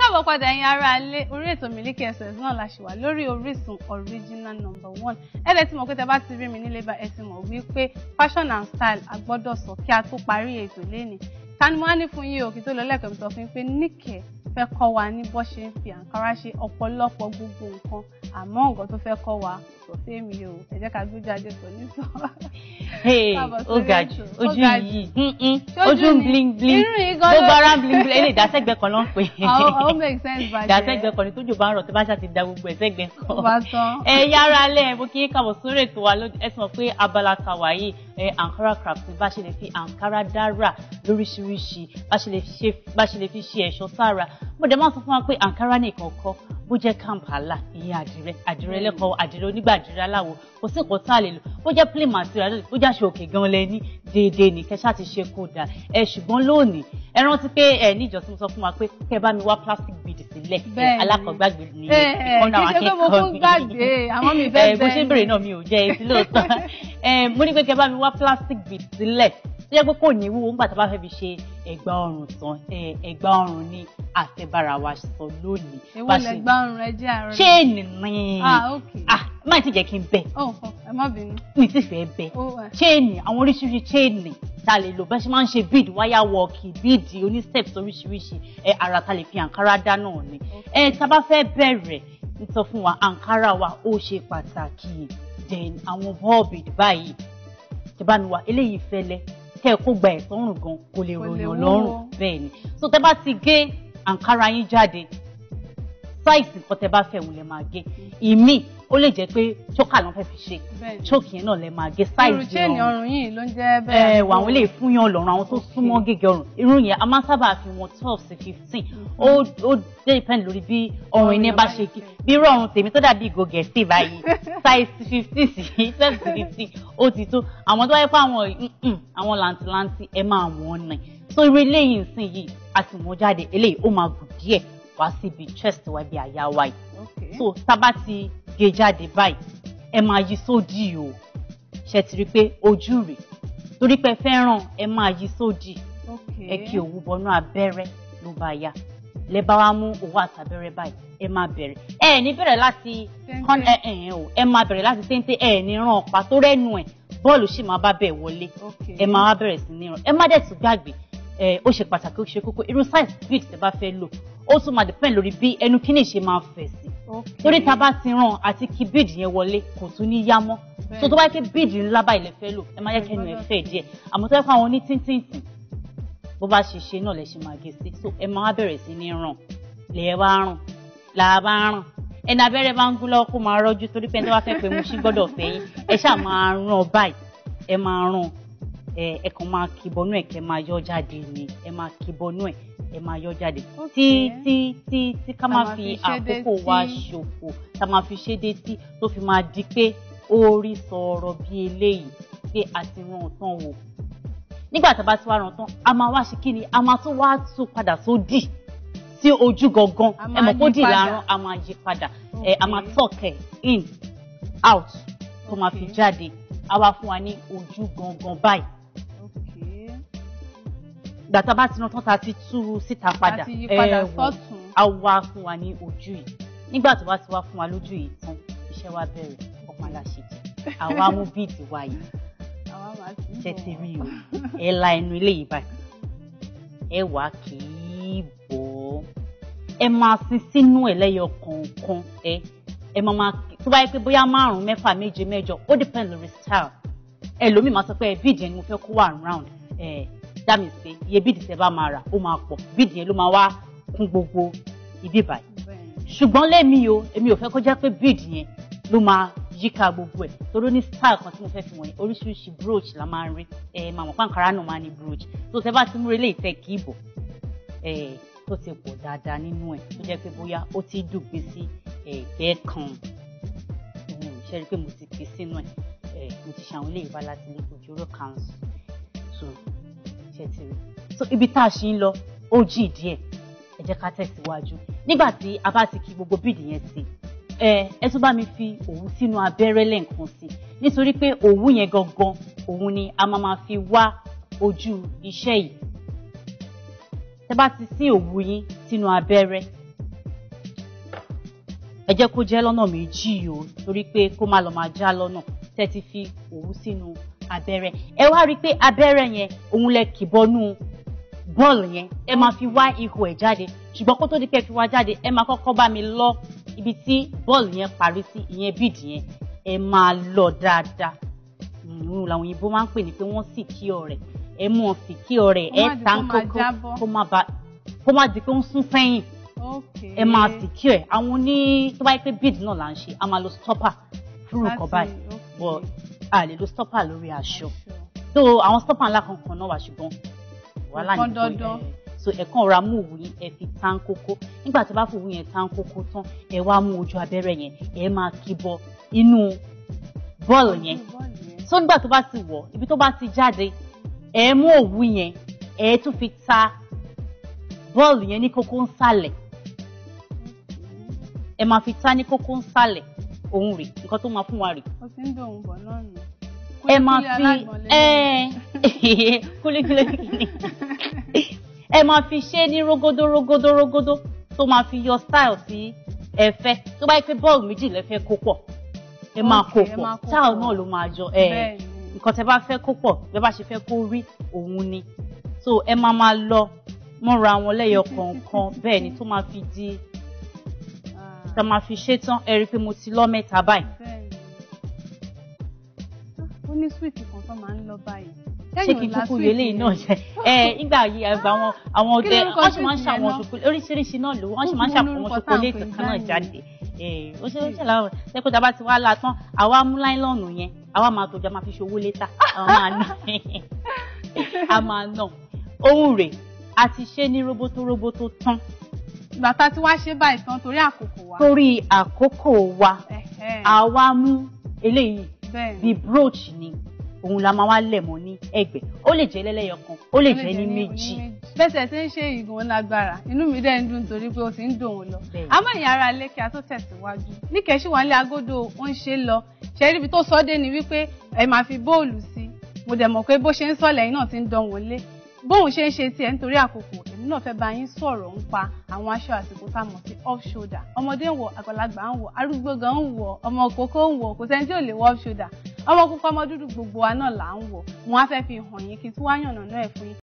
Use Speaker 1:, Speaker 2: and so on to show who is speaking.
Speaker 1: káàbọ̀ padà ẹ̀yin ará ilé orí ètò Miliki Express náà la ṣì wà lórí Orísun original number one ẹ̀lẹ́ tí mo pé tẹ bá ti rí mi nílé bá ẹ ti mọ̀ wípé fashion and style a gbọ́dọ̀ sọ kí a tó parí ètò lénìí Tani ni mo á ní fún yín o kí tó lọ lẹ́ẹ̀kan mi sọ fún yín pé níkẹ́ fẹ́ kọ́ wa ní bó ṣe ń fi àǹkárá ṣe ọ̀pọ̀lọpọ̀ gbogbo nǹkan àmọ́ nǹkan tó fẹ́ kọ́ wa kò fẹ́mi o ẹ jẹ́ ká gbójú ajé kò ní sọ. ó ga jù ojú yìí ojú bling bling gbogbo ara bling bling eléyìí dàsẹ́gbẹ́ kan ló ń pè é dàsẹ́gbẹ́ kan ni tójú bá ń rọ̀ tó bá ṣàti da gbogbo ẹ̀sẹ́gbẹ́ kan. ẹ yára lẹ́ mo kí káàbọ̀ sórí ètò wa lóde ẹ ankara Craft, bá ṣe lè fi ankara dára lóríṣiríṣi bá ṣe lè fi ṣe ẹ̀ṣọ́ sára mo dẹ̀ máa sọ fún wa pé ankara nìkan kọ́ bó jẹ́ kampala ìyẹn àdìrẹ àdìrẹ mm. lẹ́kọ̀ọ́ àdìrẹ onígbàdìrẹ aláwọ̀ kò sí nǹkan tá a lè lò bó jẹ́ plain material lónìí bó jẹ́ aṣọ òkè gan lẹ ní déédéé ní kẹṣá ti ṣe kó dáa ẹ ṣùgbọ́n lónìí ẹ rántí pé ẹ níjọ tí mo sọ fún wa pé kẹ bá mi wá plastic bead sílẹ̀ alákọ̀ọ́gbàgbé ni ìkọ́nà akẹ́kọ̀ọ́ mi bó ṣe bèrè náà mi ò jẹ́ etí mo ní pé kí ẹ bá mi wá plastic bead sílẹ̀ tó jẹ́ pé kò ní wúwo nígbà tá a bá fẹ́ fi ṣe ẹ̀gbà ọrùn tán ẹ̀gbà ọrùn ni àtẹ̀bára wa sọ lónìí. èwo lẹ̀gbà ọrùn rẹ jẹ́ àárọ̀. ṣéènì ni ah, ah, má ti jẹ́ kí n bẹ̀. Oh, ẹ má bínú. mi ti fẹ́ bẹ̀. ṣéènì oh, eh. àwọn oríṣiríṣi ṣéènì ta lè lò bẹ́ẹ̀ ṣe máa ń ṣe bíìdì wáyà wọ́ọ̀kì bíìdì oní steps oríṣiríṣi ara ta lè fi àǹkárá dá náà ni. ẹ tá a bá fẹ́ bẹ̀rẹ̀ ń sọ fún wa ankara wa ó ṣe pàtàkì then àwọn bọ́ọ̀bì báyìí tẹ bá mi wà eléyìí fẹ́lẹ́ tẹ kó gba ẹ̀sọ́rùn gan kò lè ròyìn ọlọ́rùn bẹ́ẹ̀ ni so tẹ bá ti gé ankara yín jáde size nǹkan tẹ bá fẹ́ òun lẹ máa gé ìmí ó lè jẹ́ pé choker ló ń fi ṣe choke yẹn náà lẹ máa gé size yẹn ọrùn chain ọrùn yìí ló ń jẹ́ bẹ́ẹ̀. ẹ wà àwọn ilé ìfúnyàn lọ́rùn àwọn tó súnmọ́ gègé ọrùn irun yẹn a máa sábà fi wọn twelve sí fifteen ó ó depend lórí bí ọrùn iná bá ṣe kí bí irú ọrùn tèmi tó dàbí ìgò gẹ̀ẹ́sì báyìí size fifteen sí twelve sí fifteen ó ti tó àwọn tó wáyé pé àwọn àwọn làǹtìlàǹtì ẹ máa wọ̀n náà so irú eléyìí nsìn yìí àtìmọ́jáde eléyìí ó máa gùn díẹ̀ wá síbi chest wa ibi àyà wa yìí so tá a bá ti gé jáde báyìí ẹ máa yí sódì o ṣe ti rí i pé ojú rẹ̀ torí pé fẹ́ràn ẹ máa yí sódì ẹ kí òwú bọnú abẹ́rẹ́ ló bá yá lẹ bá wa mú owó àtàbẹ̀rẹ̀ báyìí ẹ máa bẹ̀rẹ̀ ẹ ní bẹ̀rẹ̀ láti ẹ máa bẹ̀rẹ̀ láti téńté ẹ ní ràn ọ̀pá tó rẹ́nu ẹ̀ bọ́ọ̀lù sì máa bá bẹ̀ wọlé ẹ máa wá bẹ̀rẹ̀ sí ní ràn ẹ má dẹ̀ tún gbàgbé ó ṣe pàtàkì ó ṣe kókó irú size big tẹ bá fẹ́ lò ó tún máa depend lórí bí ẹnu kíní ṣe máa fẹ̀ sí torí tá a bá ti ràn àti kí bíìdì yẹn wọlé kò tún ní yá mọ́ so tó bá yẹ kí bíìdì ńlá báyìí lè fẹ́ lò ẹ má yẹ kí ẹnu ẹ fẹ̀ díẹ̀ àmọ́ tó yẹ kó àwọn oní tíntìntì bó bá ṣe ṣe náà lè ṣe máa gé sí so ẹ máa bẹ̀rẹ̀ sí ní ràn lè ẹ bá ràn là á bá ràn ẹni abẹ́rẹ́ bá ń gún lọ́wọ́ kó máa rọ́jú torí pé ẹni tó bá fẹ́ pé mo ṣí gbọ́dọ̀ fẹ́ yín ẹ ṣáà máa ràn báyìí ẹ máa ràn ẹ kàn máa kíbọnú ẹ kẹ máa yọ jáde ni ẹ máa kíbọnú ẹ ẹ máa yọ jáde tí tí tí tí ká máa fi àkókò wa ṣòfò ká máa fi ṣe dé tí tó fi máa di pé orí sọ̀rọ̀ bí eléyìí pé a ti ran ọ̀tán wò nígbà tá a bá ti wá ran ọ̀tán a máa wá ṣe kí ni a máa tún wá tún padà sódì sí ojú gangan ẹ mọ̀ kó dì láàrán a máa yí padà ẹ a máa tọ̀kẹ̀ in out tó máa fi jáde a wá fún wa ní ojú gangan báyìí ìgbà tá a bá ti ran tán tá a ti tú síta padà ẹ wò á wá fún wa ní ojú yìí nígbà tó bá ti wá fún wa lójú yìí tán iṣẹ́ wa bẹ̀rẹ̀ ọmọ aláṣẹ jẹ àwa mú bíìdì wa yìí ṣe ti rí o ẹ la ẹnu ilé yìí báyìí ẹ wà kì í bọ̀ ọ́ ẹ máa sin sínú ẹ lẹ́yọ ẹ ẹ máa máa tó bá yẹ pé bóyá márùn mẹ́fà méje mẹ́jọ ó depend lórí style ẹlòmíì máa sọ pé bíìdì ẹni mo fẹ́ kó wà round ẹ dá mi sí iye bíìdì tẹ bá máa rà ó máa pọ̀ bíìdì yẹn ló máa wá kún gbogbo ibi báyìí ṣùgbọ́n lẹ́mi o èmi ò fẹ́ kó jẹ́ pé bíìdì yẹn ló máa yíká gbogbo ẹ̀ toró ní style kan tí mo fẹ́ fi wọ̀nyí oríṣiríṣi brooch la máa ń rí ẹ màmá pàǹkárá náà máa ní brooch tó tẹ bá ti mú relé ìtẹ́ kì í bọ̀ ẹ tó ti pọ̀ dáadáa nínú ẹ̀ tó jẹ́ pé bóyá ó ti dùgbìn sí ẹ̀gbẹ́ kan ẹ̀hún ṣe rí pé mo ti fi sínú ẹ̀ mo ti ṣàwọn ilé ìbálá ti lè kojú ró so tiẹ̀ ti rí so ibi tá a ṣe ń lọ ó jì díẹ̀ ẹ jẹ́ ká tẹ̀síwájú nígbà tí a bá ti kí gbogbo bíìdì yẹn sí ẹ ẹ tún bá mi fi òwú sínú abẹ́rẹ́ lẹ́ǹkan sí nítorí pé òwú yẹn gangan òun ni a máa máa fi wá ojú iṣẹ́ yìí tẹ bá ti sí òwú yín sínú abẹ́rẹ́ ẹ jẹ́ kó jẹ́ lọ́nà méjì o torí pé kó má lọ máa já lọ́nà tẹ́ ti fi òwú sínú abẹ́rẹ́ abẹ́rẹ́ ẹ wá rí i pé abẹ́rẹ́ yẹn òun lẹ kì bọnú bọ́ọ̀lù yẹn ẹ máa fi wá ihò ẹ̀ jáde ṣùgbọ́n kó tó di pé ẹ fi wá jáde ẹ máa kọ́kọ́ bá mi lọ ibi tí bọ́ọ̀lù yẹn parí sí ìyẹn bíìdì yẹn ẹ máa lọ dáadáa ìrùn làwọn òyìnbó máa ń pè ní pé wọ́n sì kí ọ̀rẹ́ ẹ mú ọ sì kí ọ̀rẹ́ ẹ ta kókó kó má di pé ń sún sẹ́yìn ẹ máa sì kí ẹ àwọn oní tó bá yẹ pé bíìdì náà là ń ṣe a máa lo stopper fúrùkọ báyìí a lè lo stopper lórí aṣọ so àwọn stopper ńlá kankan náà wà ṣùgbọ́n wàhálà nìkan yẹn so ẹ̀kan ọ̀ra mú òwú yín ẹ fi tán kókó nígbà tí a bá fi òwú yẹn tán kókó tán ẹ wá mú ojú abẹ́rẹ́ yẹn ẹ máa kí bọ inú bọ́ọ̀lù yẹn so nígbà tó bá ti wọ̀ ibi tó bá ti jáde ẹ mú òwú yẹn ẹ tún fi ta bọ́ọ̀lù yẹn ní kókó nsàlẹ̀ ẹ máa fi ta ní kókó nsàlẹ̀ òun rè nǹkan tó máa fún wa rè. o ti ń dùn òun bọ̀ náà nù. ẹ máa fi kúlíkúlí kìíní ẹ máa fi ṣe ní rógódó rógódó rógódó tó máa fi yọ style sí ẹ fẹ́ tó bá yẹ pé bọ́ọ̀lù méjì lẹ fẹ́ kó pọ̀ ẹ máa kó pọ̀ táwọn náà ló máa jọ nǹkan tẹ bá fẹ́ kó pọ̀ bẹ bá ṣe fẹ́ kó rí òun ni so ẹ máa máa lọ mọ́ra wọn lẹ́yọ kọ̀ọ̀kan bẹ́ẹ̀ ni tó máa fi di tá a máa fi ṣe tán ẹ rí i pé mo ti lọ mẹ́ta báyìí. ó ní swiiti kan tó máa ń lọ báyìí. ṣé kí kúkú yé lẹ́yìn náà jẹ ẹ nígbà yìí àgbà àwọn àwọn ọdẹ wọn sì máa ń ṣàwọn oríṣiríṣi náà lò wọn sì máa ń ṣàwọn ṣokoléètì kan náà jáde ó ṣe ṣe láwọn ṣe kó dábàá ti wá la tán àwa mú láìlọ́ọ̀nù yẹn àwa máa tọjá máa fi ṣòwò létà àwọn máa nà ohun rẹ̀ a ti ṣe ní roboto roboto tán ìgbà tá a ti wá ṣe báyìí tán torí àkókò wa. torí àkókò wa àwa mú eléyìí bíi brooch ni òun la máa wá lẹ̀ mọ́ ní ẹ̀gbẹ́ ó lè jẹ́ lẹ́lẹ́yọ kan ó lè jẹ́ ní méjì. bẹ́sẹ̀ tí ń ṣe ìgbọ̀n lágbára inú mi dẹ́ ń dùn torí pé o ti ń dùn lọ. àmọ́ ìyá ara ilé kí a tó tẹ̀síwájú níkẹ́ sì wà ní agodo ó ń ṣe lọ ṣẹ́rí ibi tó sọ dé ni wípé ẹ máa fi bóòlù sí i mo dẹ̀ mọ̀ pé bó ṣe ń sọ̀lẹ̀ náà ti ń dán wọn lé bóun ṣe ń ṣe tiẹ̀ nítorí àkókò èmi náà fẹ́ bá yín sọ̀rọ̀ nípa àwọn aṣọ àsìkò tá a mọ̀ sí off shoulder ọmọdé ń wọ àgbàlagbà ń wọ arúgbó gan ń wọ ọmọ òkókó ń wọ kò sẹ́ni tí ò lè wọ off shoulder ọmọ pupa ọmọ dúdú gbogbo wa náà là ń wọ wọn á fẹ́ fi hàn yín kí tí wàá yànnà náà ẹ̀ fún yín